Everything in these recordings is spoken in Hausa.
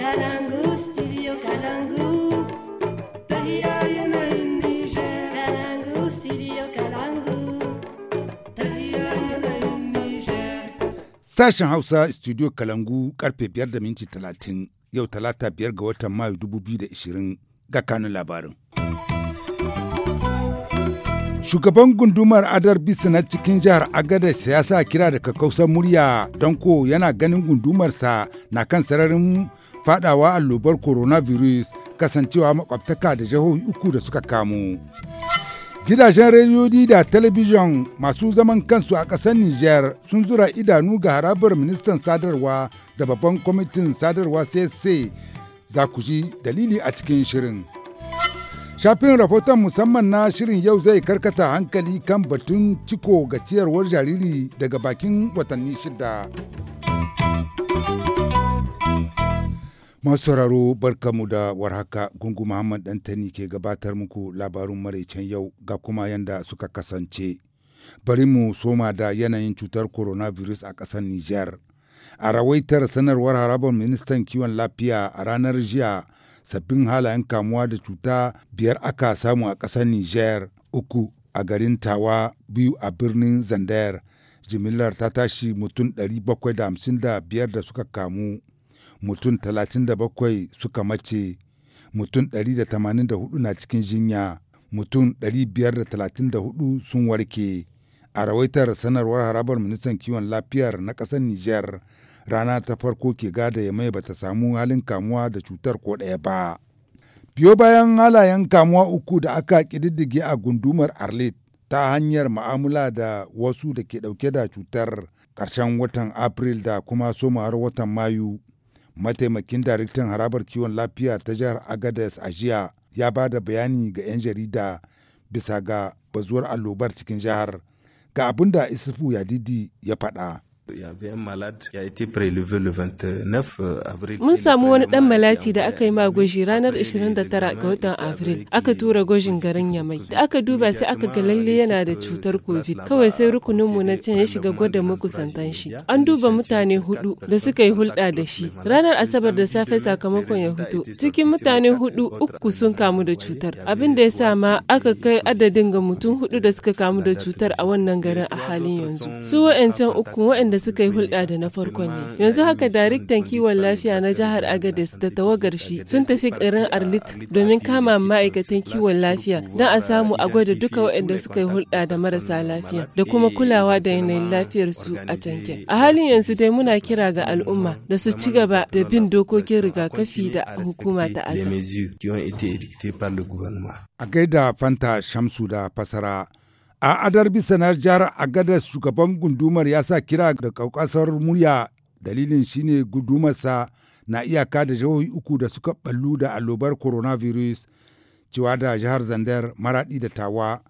Kalangu, studio Kalangu. Tahiya yanayin Niger. Kalangu, studio Kalangu. Tahiya yanayin Niger. Sashen Hausa studio Kalangu karfe 5.30, yau talata 5 ga watan Mayu 2020 ga kanun labarin. Shugaban gundumar Adar na cikin jihar Agadez ya sa kira daga kakkausar murya don ko yana ganin gundumarsa na kan sararin fadawa allobar coronavirus kasancewa makwabtaka da jihohi uku da suka kamu. Gidajen rediyoyi da talabijin masu zaman kansu a ƙasar Nijar sun zura idanu ga harabar ministan sadarwa da babban kwamitin sadarwa CSC za ku ji dalili a cikin shirin. Shafin rahoton musamman na shirin yau zai karkata hankali kan batun ciko ga ciyarwar jariri daga bakin watanni shida. Masu sauraro barkamu da warhaka gungu Muhammad Dantani ke gabatar muku labarun maraicen yau ga kuma yanda suka kasance. Bari mu soma da yanayin cutar coronavirus a ƙasar niger A rawaitar sanarwar harabar ministan kiwon lafiya a ranar jiya sabbin halayen kamuwa da cuta biyar aka samu a ƙasar niger uku a garin Tawa biyu a birnin Zandayar. Jimillar ta tashi mutum 755 da suka kamu. mutum 37 suka mace, mutum 184 na cikin jinya, mutum 534 sun warke. A rawaitar sanarwar harabar ministan kiwon lafiyar na ƙasar niger rana ta farko ke gada ya mai bata samu halin kamuwa da cutar ko ɗaya ba. Biyo bayan halayen kamuwa uku da aka ƙididdige a gundumar Arlit ta hanyar ma'amula da wasu da ke ɗauke da cutar ƙarshen watan April da kuma har watan Mayu, mataimakin daraktan harabar kiwon lafiya ta jihar agadez a jiya ya ba da bayani ga 'yan jarida bisa ga bazuwar allobar cikin jihar ga abin da isufu yadidi ya faɗa. Euh, Mun samu wani ɗan malati da aka yi ma gwaji ranar 29 ga watan Afril. Aka tura gwajin garin Yamai. Da aka duba sai aka ga lalle yana da cutar COVID. Kawai sai rukuninmu na can ya shiga gwada makusantan shi. An duba mutane hudu da suka yi hulɗa da shi. Ranar Asabar da safe sakamakon ya fito. Cikin mutane hudu uku sun kamu da cutar. Abin da ya sa ma aka kai adadin ga mutum hudu da suka kamu da cutar a wannan garin a halin yanzu. Su wa'ancan uku wa'anda suka yi hulɗa da na farkon ne. Yanzu haka daraktan kiwon lafiya na jihar Agadez da tawagar shi sun tafi garin Arlit domin kama ma'aikatan kiwon lafiya don a samu a gwada duka waɗanda suka yi hulɗa da marasa lafiya da kuma kulawa da yanayin lafiyar su a canke. A halin yanzu dai muna kira ga al'umma da su ci gaba da bin dokokin rigakafi da hukuma ta azumi. A gaida Fanta Shamsu da fasara a adar na jihar agadas shugaban gundumar ya sa kira da kaukasar murya dalilin shine gudumarsa na iyaka da jihohi uku da suka ballu da allobar coronavirus cewa da jihar zandar maradi da tawa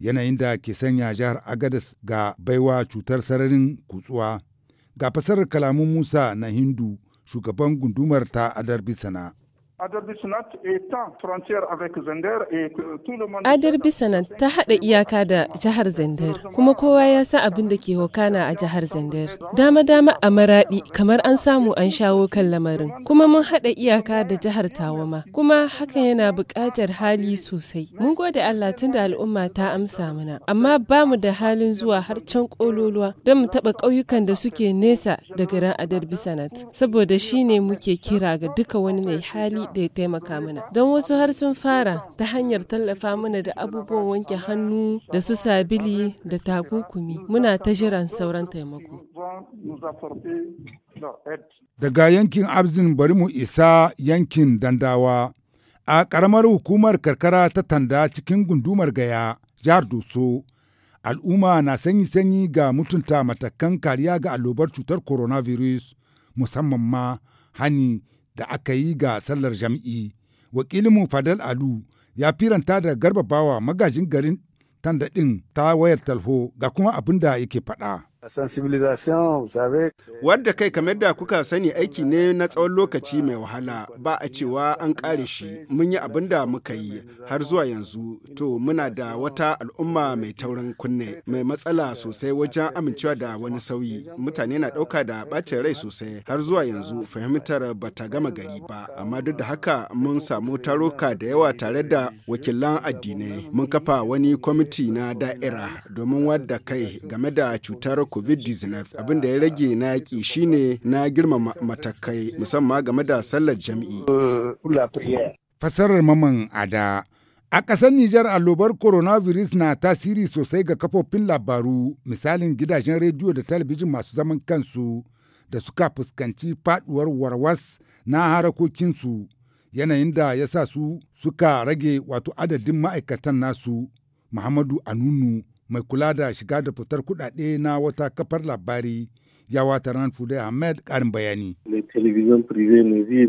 yanayin da ke sanya jihar agadas ga baiwa cutar sararin kutsuwa ga fasarar kalamun musa na hindu shugaban gundumar ta adar bisana Adar Bisanat ta haɗa iyaka da jihar Zandar, kuma kowa ya san abin da ke hokana a jihar Zandar. Dama-dama a maraɗi kamar an samu an shawo kan lamarin, kuma mun haɗa iyaka da jihar Tawama, kuma haka yana buƙatar hali sosai. Mun gode Allah tun da al'umma ta amsa mana, amma ba mu da halin zuwa har can ƙololuwa don mu taɓa ƙauyukan da suke nesa da garin Adar Bisanat, saboda shi ne muke kira ga duka wani mai hali da ya taimaka mana. Don wasu har sun fara ta hanyar tallafa mana da abubuwan wanke hannu da su sabili da takunkumi. Muna ta jiran sauran taimako. Daga yankin Abzin bari mu isa yankin Dandawa. A karamar hukumar karkara ta tanda cikin gundumar gaya, jihar Doso, al'umma na sanyi-sanyi ga mutunta matakan kariya ga allobar cutar coronavirus, musamman ma hani da aka yi ga sallar jam'i. Wakilinmu Fadal Alu ya firanta da garbabawa magajin garin ɗin ta wayar talho ga kuma abin da yake faɗa. Wadda kai kamar da kuka sani aiki ne na tsawon lokaci mai wahala ba a cewa an kare shi mun yi abin da muka yi har zuwa yanzu to muna da wata al'umma mai taurin kunne mai matsala sosai wajen amincewa da wani sauyi mutane na ɗauka da ɓacin rai sosai har zuwa yanzu fahimtar ba ta gama gari ba amma duk da haka mun samu taruka da yawa tare da wakilan addinai mun kafa wani kwamiti na da'ira domin wadda kai game da cutar covid-19 abin da ya rage na yaƙi shine na girmama matakai musamman game da sallar jami'i. Fasarar maman ada A ƙasar Nijar allobar coronavirus na tasiri sosai ga kafofin labaru misalin gidajen rediyo da talabijin masu zaman kansu da suka fuskanci faduwar warwas na harakokinsu yanayin da ya sa su suka rage wato adadin ma'aikatan nasu Muhammadu Anunu mai kula da shiga da fitar kuɗaɗe na wata kafar labari ya wata ran Fude Ahmed karin bayani. ne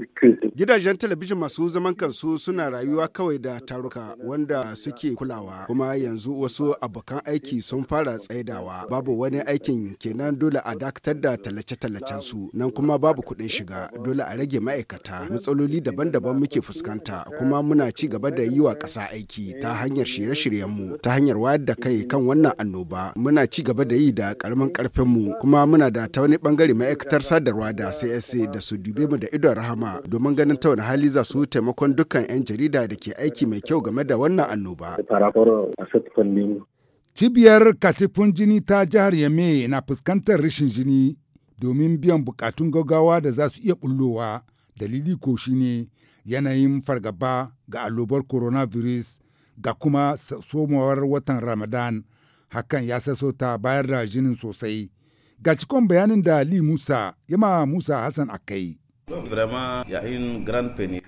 gidajen talabijin masu zaman kansu suna rayuwa kawai da taruka wanda suke kulawa kuma yanzu wasu abokan aiki sun fara tsaidawa babu wani aikin kenan dole a dakatar da tallace-tallacen su nan kuma babu kuɗin shiga dole a rage ma'aikata matsaloli daban-daban muke fuskanta kuma muna ci gaba da yi wa ƙasa aiki ta hanyar shirye shiryen mu ta hanyar wayar da kai kan wannan annoba muna ci gaba da yi da ƙaramin mu kuma muna da ta wani ɓangare ma'aikatar sadarwa da CSA da su dube mu da idon rahama domin ganin ta hali za su taimakon dukkan 'yan jarida da ke aiki mai kyau game da wannan annoba. Cibiyar katifin jini ta jihar Yame na fuskantar rashin jini domin biyan bukatun gaggawa da za su iya bullowa dalili ko shi ne yanayin fargaba ga allobar coronavirus ga kuma somawar watan Ramadan hakan ya sassota bayar da jinin sosai. Ga cikon bayanin da Ali Musa, ya ma Musa Hassan a kai.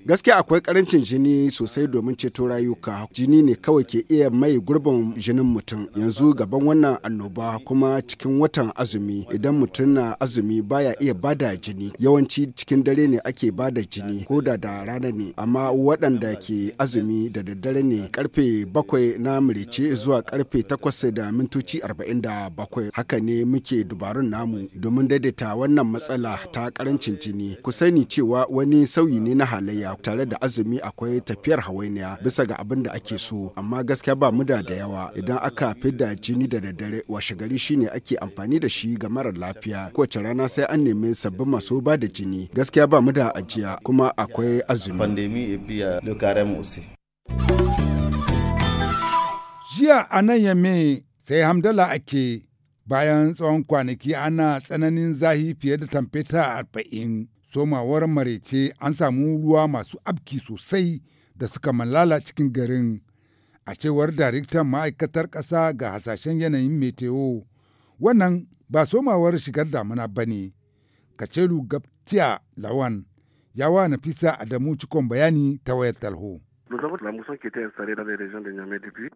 Gaskiya akwai karancin jini sosai domin ceto rayuka. Jini ne kawai ke iya mai gurbin jinin mutum. Yanzu gaban wannan annoba kuma cikin watan azumi idan mutum na azumi baya iya bada jini. Yawanci cikin dare ne ake bada jini ko da da rana ne. Amma waɗanda ke azumi da daddare ne karfe bakwai na mirice zuwa karfe takwas da mintoci arba'in da bakwai. Haka ne muke dubarun namu domin daidaita wannan matsala ta karancin jini. Kusan sani cewa wani sauyi ne na halayya tare da azumi akwai tafiyar hawainiya bisa ga abin da ake so amma gaskiya ba mu da da yawa idan aka fidda jini da daddare washe gari shine ake amfani da shi ga marar lafiya kowace rana sai an nemi sabbin masu ba da jini gaskiya ba mu da ajiya kuma akwai azumi jiya a nan yamme sai hamdala ake bayan tsawon kwanaki ana tsananin zahi fiye da tamfeta arba'in somawar marece an samu ruwa masu abki sosai da suka malala cikin garin a cewar daraktan ma'aikatar ƙasa ga hasashen yanayin meteo wannan ba somawar shigar damuna ba ne kacelu Gaptiya lawan ya yawa nafisa adamu cikon bayani ta wayar talho.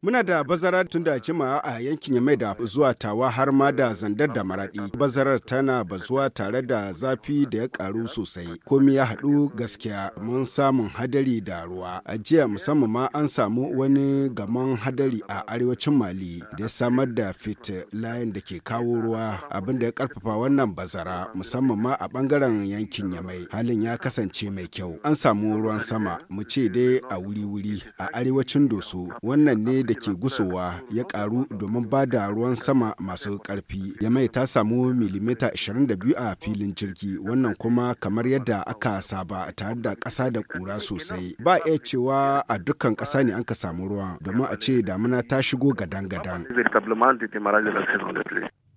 Muna da bazara tun da jima a yankin Yamai da zuwa Tawa har ma da zandar da Maradi. Bazarar tana bazuwa tare da zafi da ya karu sosai. Komi ya haɗu gaskiya mun samun hadari da ruwa. A jiya musamman ma an samu wani gaman hadari a arewacin Mali da ya samar da fit layin da ke kawo ruwa abin da ya karfafa wannan bazara musamman ma a bangaren yankin Yamai. Halin ya kasance mai kyau. An samu ruwan sama mu ce dai a wuri wuri a arewacin doso wannan ne da ke gusowa ya karu domin ba da ruwan sama masu karfi ya mai ta samu milimita 22 a filin jirgi wannan kuma kamar yadda aka saba tare da ƙasa da ƙura sosai ba iya cewa a dukkan ƙasa ne an ka samu ruwa domin a ce damina ta shigo gadan-gadan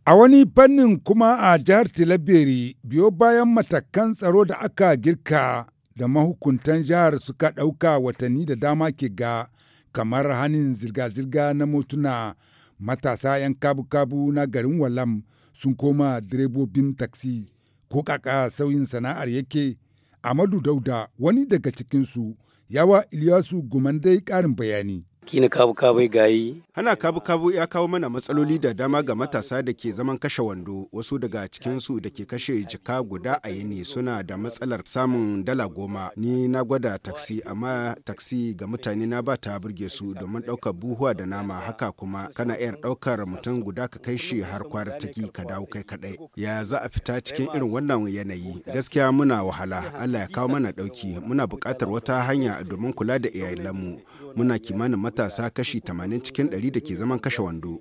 A wani fannin kuma a jihar tilabiri biyo bayan matakan tsaro da aka girka da mahukuntan jihar suka ɗauka watanni da dama ke ga kamar hannun zirga-zirga na motuna matasa 'yan kabu-kabu na garin walam sun koma direbobin taksi ko kaka sauyin sana'ar yake amadu dauda wani daga cikinsu yawa iliyasu gumandai ƙarin bayani kina kabu kabu gayi. Hana kabu kabu ya kawo mana matsaloli da dama ga matasa da ke zaman kashe wando wasu daga cikinsu da ke kashe jika guda a yini suna da matsalar samun dala goma ni na gwada taksi amma taksi ga mutane na ba ta burge su domin ɗaukar buhuwa da nama haka kuma kana iya ɗaukar mutum guda ka kai shi har kwara taki ka dawo kai kaɗai ya za a fita cikin irin wannan yanayi gaskiya muna wahala Allah ya kawo mana ɗauki muna buƙatar wata hanya domin kula da iyalanmu muna kimanin matasa kashi 80 cikin 100 da ke zaman kashe wando.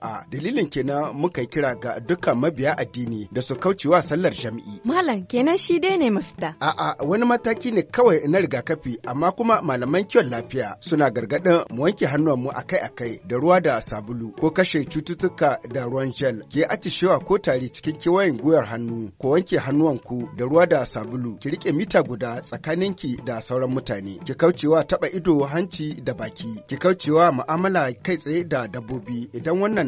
jama'a dalilin kenan muka kira ga dukkan mabiya addini da su kaucewa sallar jam'i malam kenan shi dai ne mafita a'a wani mataki ne kawai na rigakafi amma kuma malaman kiwon lafiya suna gargadin mu wanke hannuwanmu akai-akai da ruwa da sabulu ko kashe cututtuka da ruwan gel ke atishewa ko tari cikin kewayen guyar hannu ko wanke hannuwanku da ruwa da sabulu ki rike mita guda tsakaninki da sauran mutane ki kaucewa taba ido hanci da baki ki kaucewa mu'amala kai tsaye da dabbobi idan wannan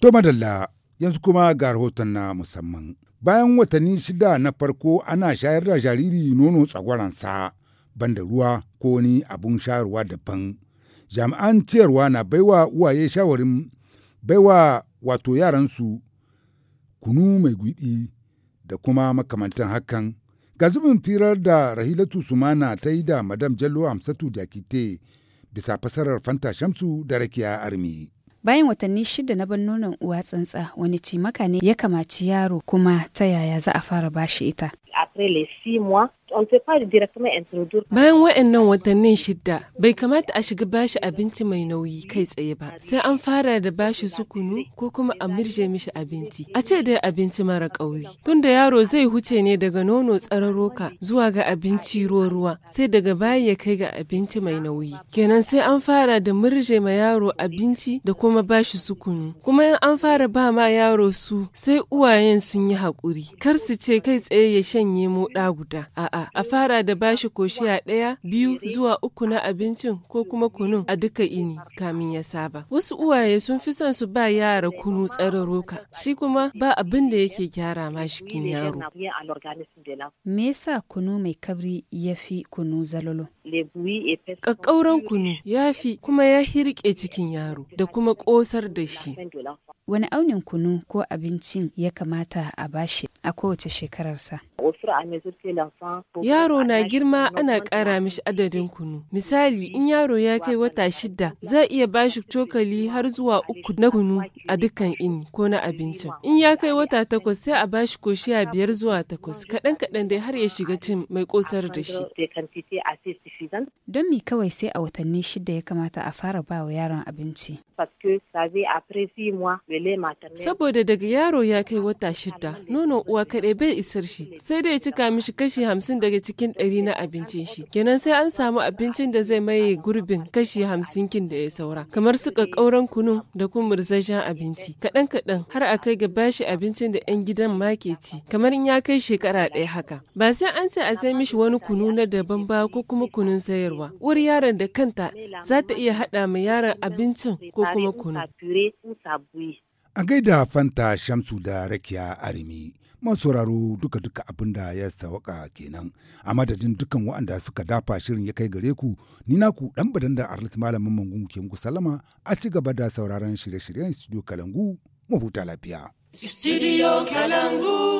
To madalla yanzu kuma ga rahoton na musamman. Bayan watanni shida na farko ana shayar da jariri nono tsagwaransa banda ruwa ko wani abun shayarwa daban. Jami'an ciyarwa na baiwa uwaye shawarin baiwa wato yaransu kunu mai gwiɗi da kuma makamantan hakan. Ga zubin firar da Rahilatu Sumana ta yi da Madam Jallo Hamsatu Jakite bisa fasarar Fanta Shamsu da Rakiya Armi. Bayan watanni shida na ban nonon uwa tsantsa wani cimaka ne ya kamaci yaro kuma ta yaya za a fara bashi ita. Bayan waɗannan watannin shidda, bai kamata a shiga bashi abinci mai nauyi kai tsaye ba, sai an fara da bashi sukunu ko kuma a mirje mishi abinci. A ce dai abinci mara ƙauri. Tunda yaro zai huce ne daga nono tsararoka zuwa ga abinci ruwa-ruwa, sai daga baya ya kai ga abinci mai nauyi. Kenan sai an fara da mirje ma yaro abinci da kuma bashi sukunu. Kuma in an fara ba ma yaro su, sai uwayen sun yi haƙuri. Kar su ce kai tsaye ya shanye moɗa guda. A'a, a fara da bashi koshiya ɗaya, biyu zuwa uku na abincin ko kuma kunun a duka ini kamin ya saba. Wasu uwaye sun fi son su ba yara kunu tsararoka, shi kuma ba abin da yake gyara ma shikin yaro. Me yasa kunu mai kabri ya fi kunu zalolo? Ƙaƙƙauran kunu ya fi kuma ya hirƙe cikin yaro da kuma ƙosar da shi. wani aunin kunu ko abincin ya kamata a bashi a kowace shekararsa. Yaro na girma ana ƙara mishi adadin kunu. Misali, in yaro ya kai wata shida, za iya bashi cokali har zuwa uku na kunu a dukkan ini ko na abincin. In ya kai wata takwas sai a bashi koshiya biyar zuwa takwas, kaɗan kaɗan dai har ya shiga cin mai ƙosar da shi. Don mi kawai sai a watanni shida ya kamata a fara ba wa yaron abinci. Saboda daga yaro ya kai wata shida, nono uwa kaɗai bai isar shi, sai dai cika mishi kashi hamsin daga cikin ɗari na abincin shi. Kenan sai an samu abincin da zai maye gurbin kashi hamsin kin da ya saura, kamar su ƙaƙƙauran kunu da kuma murzajen abinci. Kaɗan kaɗan har a kai ga bashi abincin da 'yan gidan ma ke ci, kamar in ya kai shekara ɗaya haka. Ba sai an ce a sai mishi wani kunu na daban ba ko kuma kunun sayarwa. Uwar yaron da kanta za ta iya haɗa ma yaron abincin ko A gaida Fanta Shamsu da Rakiya Arimi. sauraro duka-duka abin da ya sawaka kenan a madadin dukan waɗanda suka dafa shirin ya kai gare ku ni naku dan badan da arlit malamin mangun ke muku salama a ci gaba da sauraron shirye-shiryen studio kalangu mu huta lafiya studio kalangu